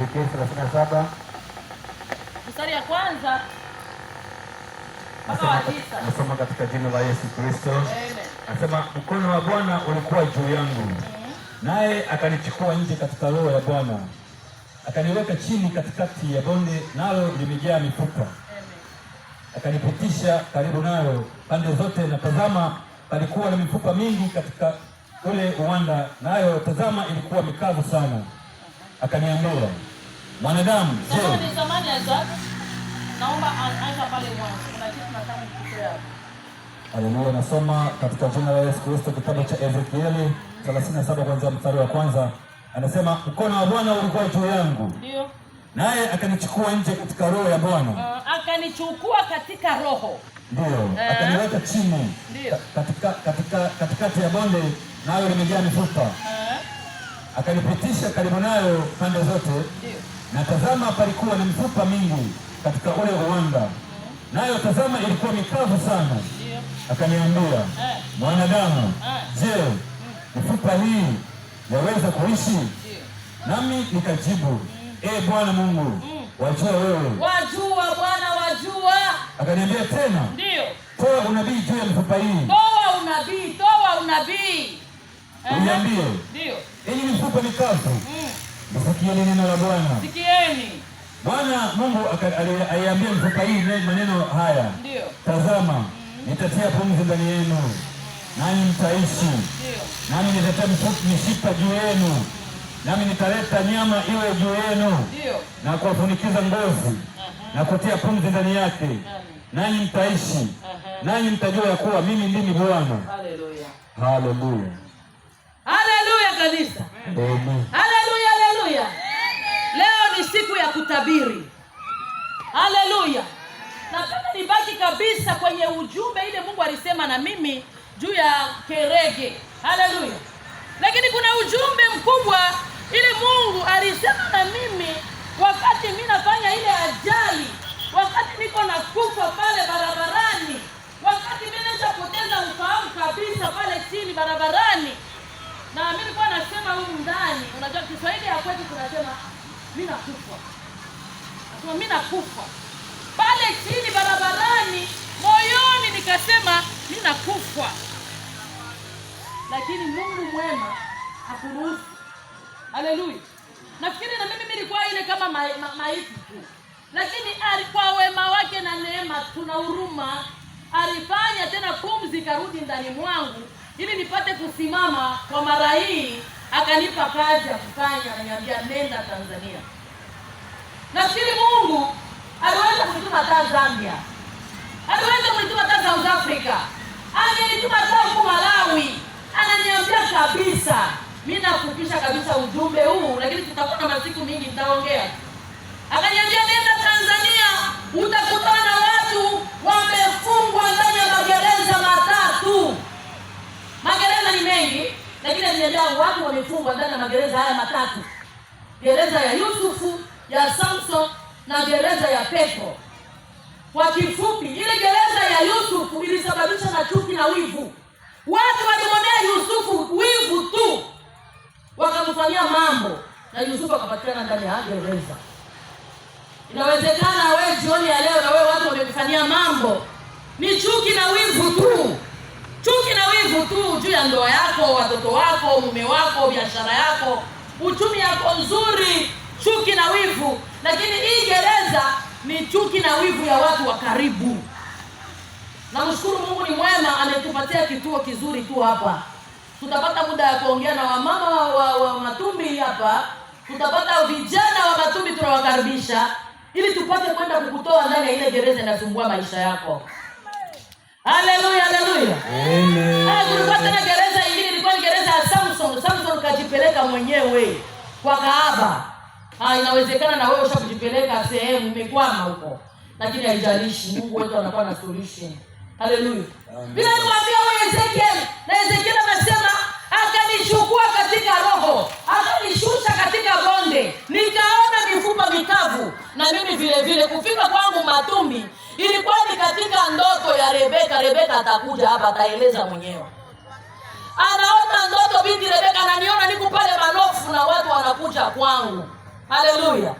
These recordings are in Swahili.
Mtetesi 37 mstari ya kwanza nasoma katika jina la Yesu Kristo. Anasema mkono wa Bwana ulikuwa juu yangu, naye akanichukua nje katika roho ya Bwana, akaniweka chini katikati ya bonde, nalo limejaa mifupa, akanipitisha karibu nayo pande zote, na tazama, palikuwa na mifupa mingi katika ule uwanda, nayo tazama, ilikuwa mikavu sana akaniambia mwanadamu, Haleluya. Nasoma katika jina la Yesu Kristo, kitabu cha Ezekieli 37 kuanzia mstari wa kwanza. Anasema mkono wa Bwana ulikuwa juu yangu, naye akanichukua nje katika roho ya Bwana, uh, akanichukua katika roho ndio, uh, akaniweka chini katika katikati ya bonde, nayo limejaa mifupa uh, akalipitisha karibu nayo pande zote, na tazama, palikuwa na mifupa mingi katika ule uwanda, nayo tazama, ilikuwa mikavu sana. Akaniambia, eh. mwanadamu, eh. je, hmm. mifupa hii yaweza kuishi? Nami nikajibu, e Bwana Mungu, hmm. wajua wewe. Wajua Bwana, wajua. Akaniambia tena, toa unabii juu ya mifupa hii. Toa unabii, toa unabii Uniambie, ndio mifupa ni kavu. Nisikieni mm. neno la Bwana, sikieni. Bwana Mungu aliambia mifupa hii maneno haya, ndio tazama, mm. nitatia pumzi ndani yenu, nani mtaishi, nami nitatia mishipa juu yenu, nami nitaleta nyama iwe juu yenu, na kuwafunikiza ngozi na kutia pumzi ndani yake, nani mtaishi, nani mtajua ya kuwa mimi ndimi Bwana. Haleluya, haleluya kanisa. Haleluya, haleluya. Leo ni siku ya kutabiri. Haleluya. Nataka nibaki kabisa kwenye ujumbe ile Mungu alisema na mimi juu ya kerege. Haleluya. Lakini kuna ujumbe mkubwa ile Mungu alisema na mimi wakati mimi nafanya ile ajali, wakati niko na kufa pale barabarani, wakati mimi naweza poteza ufahamu kabisa pale chini barabarani na mimi nilikuwa nasema huyu ndani, unajua Kiswahili ya kwetu tunasema mimi nakufa, nasema mimi nakufa pale chini barabarani, moyoni nikasema mimi nakufa, lakini Mungu mwema hakuruhusu. Haleluya! Nafikiri na mimi nilikuwa ile kama maiti ma, tu, lakini alikuwa wema wake na neema, tuna huruma, alifanya tena pumzi ikarudi ndani mwangu ili nipate kusimama kwa mara hii, akanipa kazi ya kufanya, ananiambia nenda Tanzania. Nafikiri Mungu aliweza kunituma hata Zambia, aliweza kunituma hata South Africa, angenituma hata huku Malawi. Ananiambia kabisa, mi nakupisha kabisa ujumbe huu, lakini tutakuwa na masiku mingi nitaongea. Akaniambia nenda Tanzania, utakutana na watu wame mengi, lakini alijajaa watu wamefungwa ndani ya magereza haya matatu, gereza ya Yusufu, ya Samson na gereza ya Petro. Kwa kifupi, ile gereza ya Yusufu ilisababisha na chuki na wivu. Watu walimwonea Yusufu wivu tu, wakamfanyia mambo na Yusufu akapatikana ndani ya gereza. Inawezekana wewe jioni ya leo na wewe watu wamekufanyia mambo, ni chuki na wivu tu chuki na wivu tu juu ya ndoa yako, watoto wako, mume wako, biashara yako, uchumi yako nzuri, chuki na wivu. Lakini hii gereza ni chuki na wivu ya watu wa karibu. Namshukuru Mungu ni mwema, ametupatia kituo kizuri tu hapa. Tutapata muda ya kuongea na wamama wa, wa, wa Matumbi hapa, tutapata vijana wa Matumbi, tunawakaribisha ili tupate kwenda kukutoa ndani ya ile gereza inasumbua maisha yako. Haleluya, haleluya. Amen. Kulikuwa tena gereza hili ilikuwa ni gereza ya Samson. Samson kajipeleka mwenyewe kwa kahaba. Ha, inawezekana na wewe ushakujipeleka sehemu umekwama huko. Lakini haijalishi, Mungu wetu anakuwa na solution. Haleluya. Bila kumwambia wewe Ezekiel, na Ezekiel anasema akanishukua katika roho, akanishusha katika bonde. Nikaona mifupa mikavu na mimi vile vile kufika kwangu Matumbi Ilikuwa ni katika ndoto ya Rebeka. Rebeka atakuja hapa ataeleza mwenyewe. Anaota ndoto, binti Rebeka ananiona niko pale Manofu na watu wanakuja kwangu. Haleluya.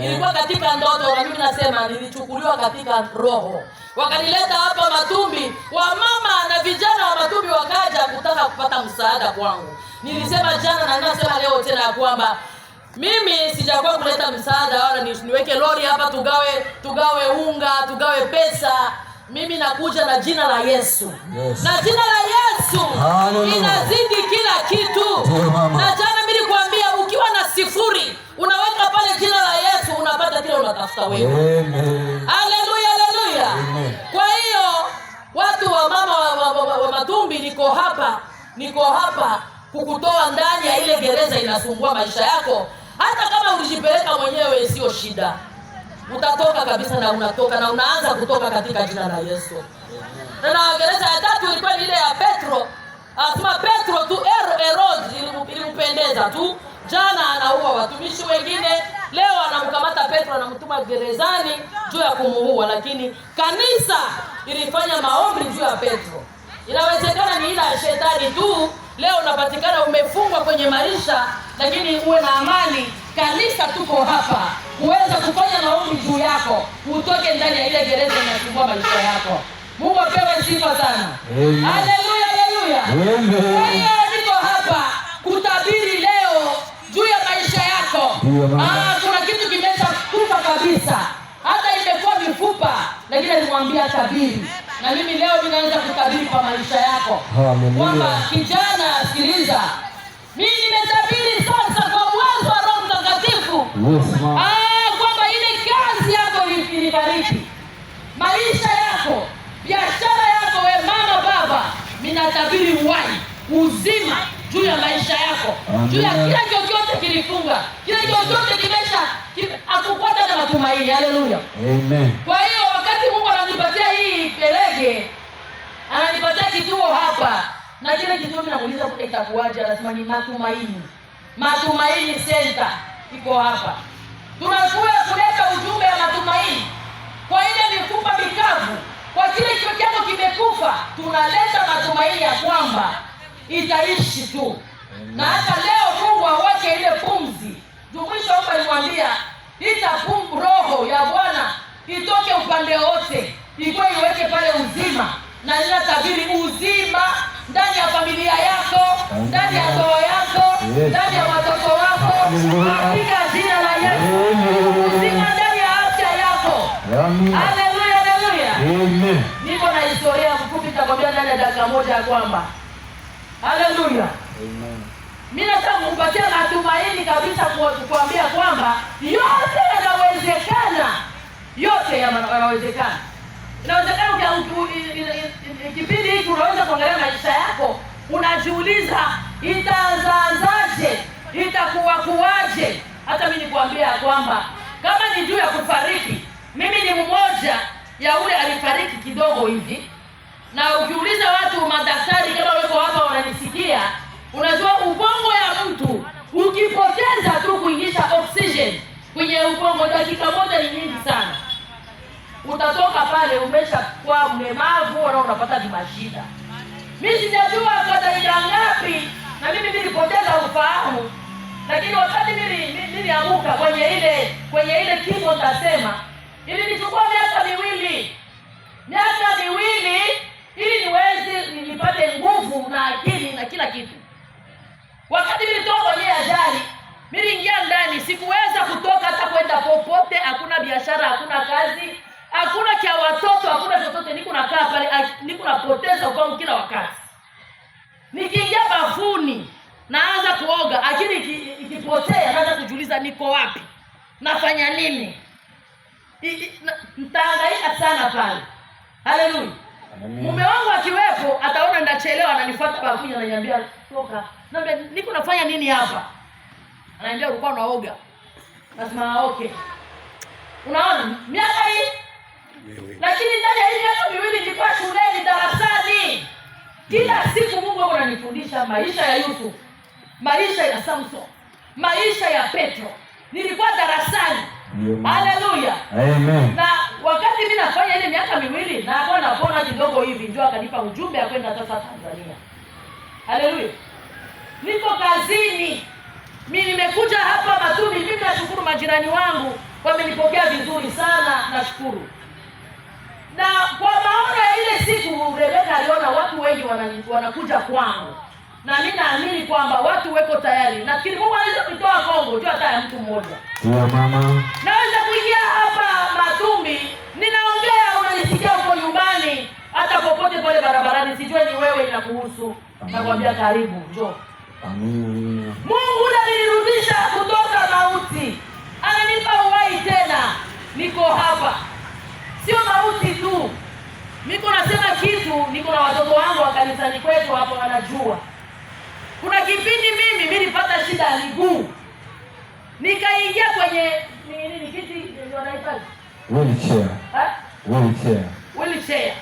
Ilikuwa katika ndoto, na mimi nasema nilichukuliwa katika roho. Wakanileta hapa Matumbi, wa mama na vijana wa Matumbi wakaja kutaka kupata msaada kwangu. Nilisema jana na ninasema leo tena ya kwamba mimi sijakuwa kuleta msaada wala niweke lori hapa tugawe tugawe unga tugawe pesa. Mimi nakuja na jina la Yesu, yes. Na jina la Yesu inazidi kila kitu. Na jana nilikwambia ukiwa na sifuri unaweka pale jina la Yesu unapata kile unatafuta wewe. Haleluya, haleluya. Kwa hiyo watu wa mama wa, wa, wa, wa Matumbi, niko hapa, niko hapa kukutoa ndani ya ile gereza inasumbua maisha yako hata kama ulijipeleka mwenyewe, sio shida, utatoka kabisa, na unatoka na unaanza kutoka katika jina la Yesu. Na gereza ya tatu ilikuwa ni ile ya Petro, asema Petro tu er, Herodi ilimpendeza tu. Jana anaua watumishi wengine, leo anamkamata Petro anamtuma gerezani juu ya kumuua, lakini kanisa ilifanya maombi juu ya Petro. Inawezekana ni ila shetani tu Leo unapatikana umefungwa kwenye maisha, lakini uwe na amani. Kanisa tuko hapa kuweza kufanya maombi juu yako, utoke ndani ya ile gereza inafungua maisha yako. Mungu apewe sifa sana, haleluya, haleluya. Kwa hiyo niko hapa kutabiri leo juu ya maisha yako. Ah, kuna kitu kimesha kufa kabisa, hata imekuwa mifupa lakini alimwambia tabiri, na mimi leo ninaanza kutabiri kwa maisha yako kwamba kijana, sikiliza, mimi nimetabiri sasa kwa uwezo wa Roho Mtakatifu ah, kwamba ile kazi yako ilibariki maisha yako, biashara yako. We mama, baba, ninatabiri uhai, uzima juu ya maisha yako, juu ya kila chochote kilifunga, kila chochote kimesha akukwata na matumaini. Haleluya, amen. Kwa hiyo ananipatia hii pelege, ananipatia kituo hapa na kile kituo mimi nakuuliza kule itakuaje? Anasema ni Matumaini, Matumaini Center iko hapa. tunakuwa kuleta ujumbe wa matumaini kwa ile mifupa mikavu, kwa kile kichwa chako kimekufa, tunaleta matumaini ya kwamba itaishi tu. Na hata leo Mungu aweke ile pumzi hapa alimwambia ita roho ya Bwana itoke upande wote ilikuwa iweke pale uzima, na tabiri uzima ndani ya familia yako, ndani ya ndoa yako, ndani ya watoto wako, katika jina la Yesu, uzima ndani ya afya yako. Haleluya, haleluya. Niko na historia mfupi, nitakwambia ndani ya dakika moja ya kwamba haleluya mimi nataka kukupatia matumaini kabisa, kuambia kwamba yote yanawezekana, yote yanawezekana. Inawezekana kipindi hiki unaweza kuangalia maisha yako, unajiuliza itazaazaje, itakuwa kuwaje? Hata mimi nikuambia kwamba kama ni juu ya kufariki, mimi ni mmoja ya ule alifariki kidogo hivi, na ukiuliza watu madaktari, kama wako hapa wananisikia, unajua ubongo ya mtu ukipoteza tu kuingisha oxygen kwenye ubongo dakika moja ni nyingi sana utatoka pale umeshakuwa mlemavu, wala unapata ni mashida. Mimi sijajua kwa ngapi, na mimi nilipoteza ufahamu, lakini wakati niliamuka kwenye ile kwenye ile kimo, nitasema ilinichukua miaka miwili, miaka miwili ili niweze nipate nguvu na akili na kila kitu. Wakati nilitoka kwenye ajali, niliingia ndani, sikuweza kutoka hata kwenda popote, hakuna biashara, hakuna kazi hakuna cha watoto, hakuna chochote. Niko nakaa pale, niko napoteza ukongo kila wakati. Nikiingia bafuni naanza kuoga, akili ikipotea, naanza kujiuliza niko wapi, nafanya nini? Nitaangaika sana pale. Haleluya! mume wangu akiwepo ataona ndachelewa, ananifuata bafuni, ananiambia toka. Naambia niko nafanya nini hapa? Ananiambia ulikuwa unaoga. Nasema ah, okay. Unaona miaka hii lakini ndani ya hii miaka miwili nilikuwa shuleni darasani, kila siku Mungu ananifundisha maisha ya Yusuf, maisha ya Samson, maisha ya Petro. Nilikuwa darasani. Haleluya, amen. Na wakati mimi nafanya ile miaka miwili na bona bona kidogo hivi, ndio akanipa ujumbe ya kwenda sasa Tanzania. Haleluya, niko kazini mimi, nimekuja hapa Matumbi. Mimi nashukuru majirani wangu wamenipokea vizuri sana, nashukuru na kwa maono ya ile siku Rebeka aliona watu wengi wanakuja kwangu, na mimi naamini kwamba watu weko tayari. Nafikiri Mungu anaweza kutoa Kongo tu hata ya mtu mmoja yeah, mama naweza kuingia hapa Matumbi, ninaongea unanisikia huko nyumbani, hata popote pale barabarani, sijue ni wewe inakuhusu. Nakwambia karibu, njoo. Amen. Mungu ananirudisha kutoka mauti, ananipa uhai tena, niko hapa sio mauti tu. Niko nasema kitu, niko na watoto wangu wa kanisani kwetu hapo wanajua. Kuna kipindi mimi nilipata shida ya miguu, nikaingia kwenye nini nini, kiti ndio wanaita wheelchair, ha wheelchair, wheelchair.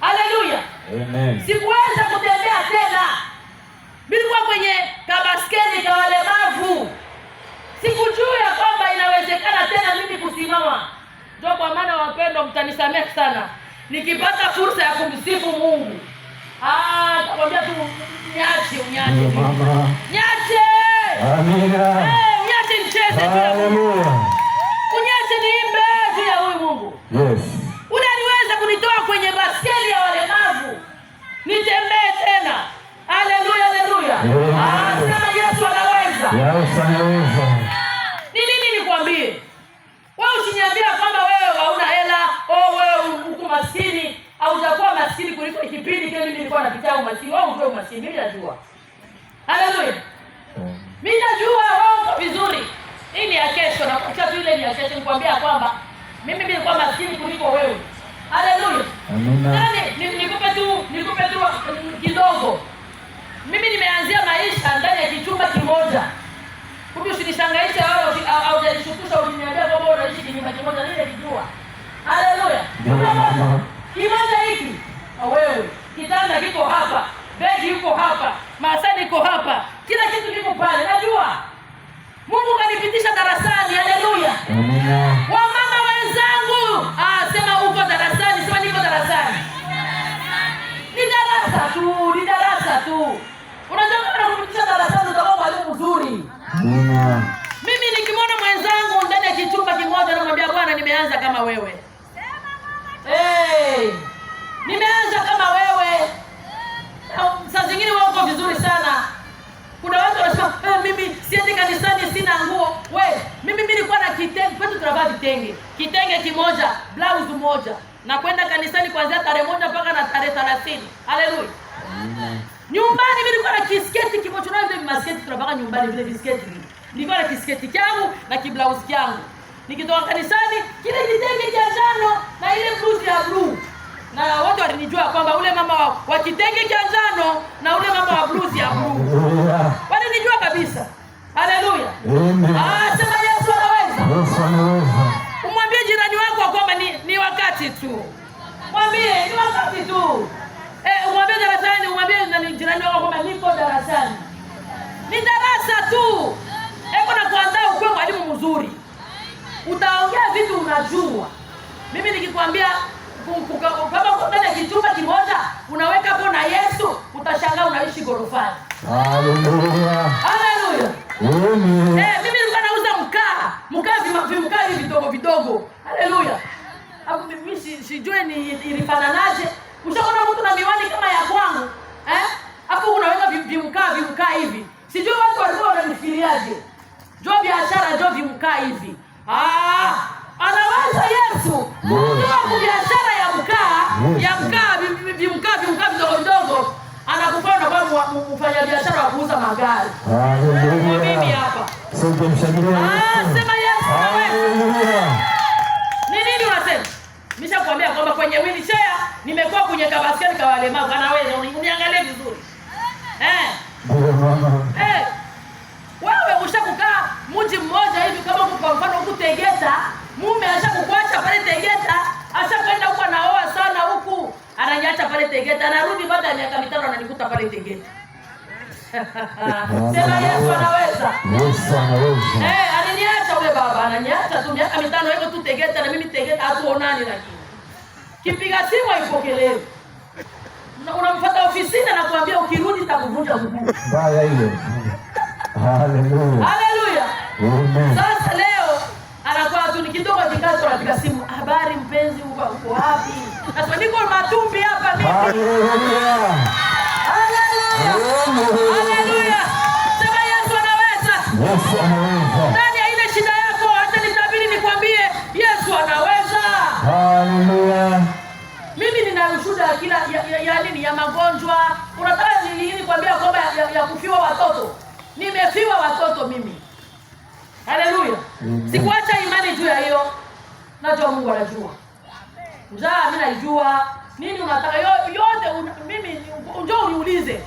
Haleluya, amen. Sikuweza kutembea tena, nilikuwa kwenye kabasketi ka walemavu. Sikujua kwamba inawezekana tena mimi kusimama ndio kwa maana wapendwa, mtanisamehe sana nikipata fursa ya kumsifu Mungu ah, nakwambia tu niache, unyache mama, nyache, amina, Eh, niache nicheze tu, haleluya, unyache niimbe juu ya huyu Mungu, yes, unaniweza kunitoa kwenye baskeli ya walemavu nitembee tena, haleluya, haleluya, yes. Ah, Yesu anaweza, Yesu anaweza si mimi najua. Haleluya. Mimi najua roho vizuri. Hii ya kesho na kucha tu ile ni ya kesho nikwambia kwamba mimi nilikuwa maskini kuliko wewe. Haleluya. Amina. Yaani nikupe tu nikupe tu kidogo. Mimi nimeanzia maisha ndani ya kichumba kimoja. Kumbe usinishangaishe au au ujanishukisha kwamba unaishi kinyumba kimoja nile kijua. Haleluya. Kimoja hiki wewe kitanda kiko hapa. Bedi yuko hapa, Masani yuko hapa, kila kitu kiko pale. Najua Mungu kanipitisha darasani. Haleluya, wamama wenzangu, ah, sema uko darasani, sema niko darasani. Ni darasa tu, ni darasa nyumbani vile visketi Nilikuwa na kisketi changu na kiblausi changu. Nikitoka kanisani kile kitenge cha njano na ile blouse ya blue. Na watu walinijua kwamba ule mama wa kitenge cha njano na ule mama wa blouse ya blue. Walinijua kabisa. Haleluya. Ah, sema Yesu anaweza. Yesu anaweza. Umwambie jirani wako kwamba ni, ni wakati tu. Mwambie ni wakati tu. Eh, umwambie darasani, umwambie jirani wako kwamba niko darasani. mzuri, utaongea vitu unajua. Mimi nikikwambia kama uko kichumba kimoja unaweka hapo na Yesu, utashangaa unaishi gorofani. Haleluya, haleluya. Eh, mimi nilikuwa nauza mkaa, mkaa vimkaa hivi vidogo vidogo. Haleluya. Mimi sijui ni ilifananaje. Ushaona mtu na miwani kama ya kwangu eh? Hapo unaweka vimkaa vimkaa hivi, sijue watu walikuwa hivi. Ah, anawaza Yesu kwa biashara ya mkaa ya mkaa vimkaa vimkaa vidogo vidogo, anakupanda kwamba mfanya biashara wa kuuza magari. Mimi hapa sasa, ah, sema Yesu Ni nini nishakwambia kwamba kwenye wheelchair nimekuwa kwenye kabaskeli kwa walemavu. Anaweza uniangalie vizuri eh? Eh, wewe ushakukaa Tegeta, mume ashakukuacha pale Tegeta, ashakwenda huko anaoa sana huku, ananiacha pale Tegeta, anarudi baada ya miaka mitano ananikuta pale Tegeta. Sema Yesu anaweza. Yesu anaweza. Eh, aliniacha yule baba, ananiacha tu miaka mitano yuko tu Tegeta na mimi Tegeta hatuonani lakini. Kipiga simu haipokelewi. Unamfuata ofisini na kuambia ukirudi takuvunja mguu. Baya ile. Haleluya. Haleluya. Amen. Sasa kidogo zikazo katika simu, habari mpenzi, uko uko wapi? Sasa niko matumbi hapa mimi. Haleluya, haleluya! Sema Yesu anaweza, Yesu anaweza. Ndani ya ile shida yako, nitabiri nikwambie, Yesu anaweza. Haleluya. Mimi nina ushuhuda kila ya magonjwa. Unataka nini kwambia kwamba ya kufiwa watoto? Nimefiwa watoto mimi. Haleluya. Sikuacha imani juu ya hiyo, najua Mungu anajua njaa, mimi najua nini unataka yote un, mimi njoo uniulize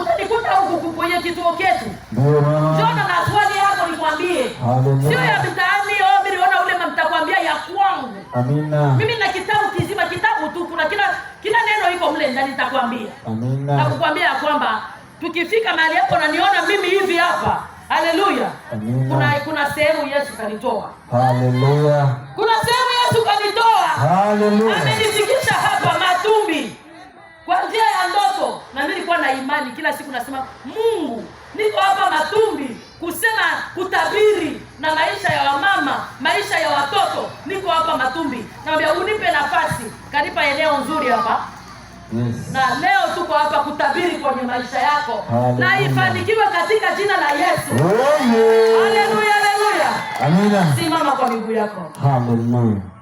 utanikuta huku kwenye kituo ketu, njoo na swali yako nikwambie, sio ya mtaani oh, miliona ule mtakwambia ya kwangu. Amina. Mimi na kitabu kizima, kitabu tu, kuna kila kila neno iko mle ndani, nitakwambia. Amina. Nakukwambia ya kwamba tukifika mahali hapo, naniona mimi hivi hapa Haleluya. Kuna kuna sehemu Yesu kanitoa. Haleluya. Kuna sehemu Yesu kanitoa. Haleluya. Amenifikisha hapa Matumbi kwa njia ya ndoto, na mimi nilikuwa na imani kila siku nasema, Mungu, niko hapa Matumbi kusema kutabiri na maisha ya wamama, maisha ya watoto. Niko hapa Matumbi, naambia unipe nafasi, kanipa eneo nzuri hapa na leo tuko hapa kutabiri kwenye maisha yako na ifanikiwe katika jina la Yesu. Haleluya, haleluya. Amina. Simama kwa miguu yako. Hallelujah.